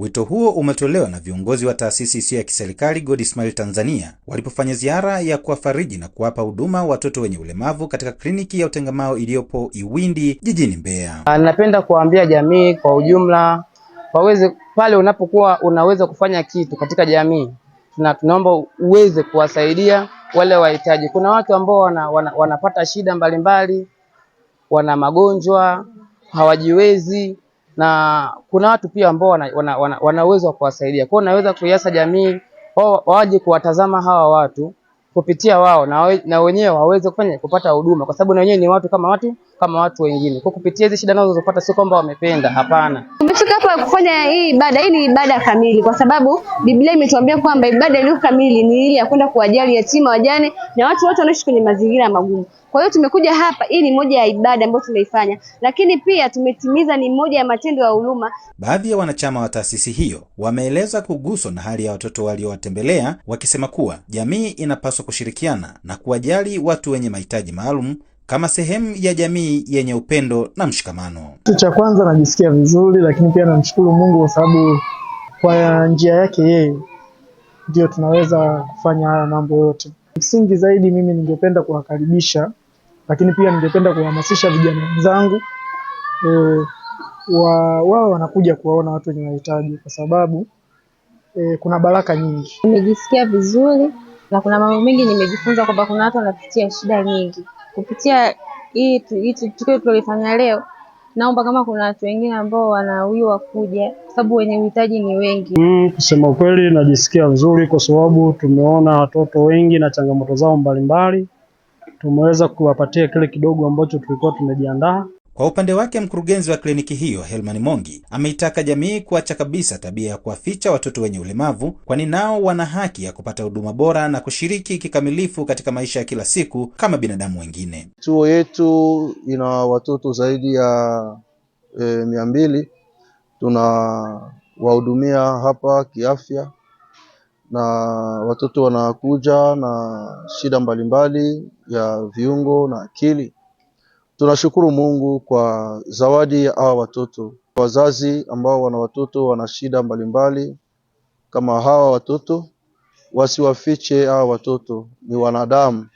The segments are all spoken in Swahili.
Wito huo umetolewa na viongozi wa taasisi isiyo ya kiserikali God Smile Tanzania walipofanya ziara ya kuwafariji na kuwapa huduma watoto wenye ulemavu katika kliniki ya Utengamao iliyopo Iwindi jijini Mbeya. Ah, napenda kuwaambia jamii kwa ujumla waweze, pale unapokuwa unaweza kufanya kitu katika jamii, na tunaomba uweze kuwasaidia wale wahitaji. Kuna watu ambao wana, wana, wanapata shida mbalimbali, wana magonjwa, hawajiwezi na kuna watu pia ambao wana, wana, wana, wana uwezo wa kuwasaidia. Kwa hiyo naweza kuiasa jamii waje kuwatazama hawa watu kupitia wao na, we, na wenyewe waweze kufanya kupata huduma, kwa sababu na wenyewe ni watu kama watu kama watu wengine. Kwa kupitia hizi shida nazo zopata, sio kwamba wamependa, hapana. Tumefika hapa kufanya hii ibada. Hii ni ibada kamili, kwa sababu Biblia imetuambia kwamba ibada iliyo kamili ni ile ya kwenda kuwajali yatima, wajane na watu wote wanaishi kwenye mazingira magumu. Kwa hiyo tumekuja hapa, hii ni moja ya ibada ambayo tumeifanya, lakini pia tumetimiza, ni moja ya matendo ya huruma. Baadhi ya wanachama wa taasisi hiyo wameeleza kuguswa na hali ya watoto waliowatembelea, wakisema kuwa jamii inapaswa kushirikiana na kuwajali watu wenye mahitaji maalum kama sehemu ya jamii yenye upendo na mshikamano. Kitu cha kwanza najisikia vizuri, lakini pia namshukuru Mungu kwa sababu kwa njia yake yeye ndio tunaweza kufanya haya mambo yote. Msingi zaidi, mimi ningependa kuwakaribisha lakini pia ningependa kuhamasisha vijana wenzangu e, wa, wao wanakuja kuwaona watu wenye mahitaji kwa sababu e, kuna baraka nyingi. Nimejisikia vizuri na kuna mambo mengi nimejifunza kwamba kuna watu wanapitia shida nyingi kupitia hii tukio tulilofanya leo. Naomba kama kuna watu wengine ambao wanawiwa kuja, kwa sababu wenye uhitaji ni wengi. Mm, kusema kweli najisikia vizuri kwa sababu tumeona watoto wengi na changamoto zao mbalimbali tumeweza kuwapatia kile kidogo ambacho tulikuwa tumejiandaa. Kwa upande wake mkurugenzi wa kliniki hiyo Helman Mongi ameitaka jamii kuacha kabisa tabia ya kuwaficha watoto wenye ulemavu, kwani nao wana haki ya kupata huduma bora na kushiriki kikamilifu katika maisha ya kila siku kama binadamu wengine. Kituo yetu ina watoto zaidi ya e, mia mbili tunawahudumia hapa kiafya na watoto wanakuja na shida mbalimbali ya viungo na akili. Tunashukuru Mungu kwa zawadi ya hawa watoto. Wazazi ambao wana watoto wana shida mbalimbali kama hawa watoto, wasiwafiche hawa watoto, ni wanadamu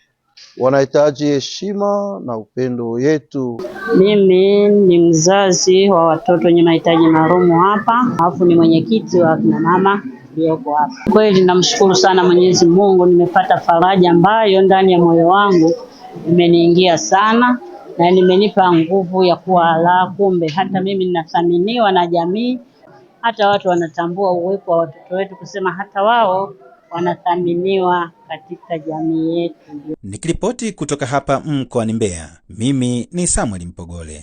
wanahitaji heshima na upendo yetu. Mimi ni mzazi wa watoto wenye mahitaji maalum hapa, alafu ni mwenyekiti wa kina mama iliyoko hapa. Kweli namshukuru sana Mwenyezi Mungu, nimepata faraja ambayo ndani ya moyo wangu imeniingia sana na nimenipa nguvu ya kuwa la, kumbe hata mimi ninathaminiwa na jamii, hata watu wanatambua uwepo wa watoto wetu, kusema hata wao wanathaminiwa katika jamii yetu. Nikiripoti kutoka hapa mkoani Mbeya, mimi ni Samwel Mpogole.